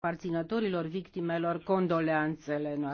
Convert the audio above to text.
aparținătorilor victimelor condoleanțele noastre.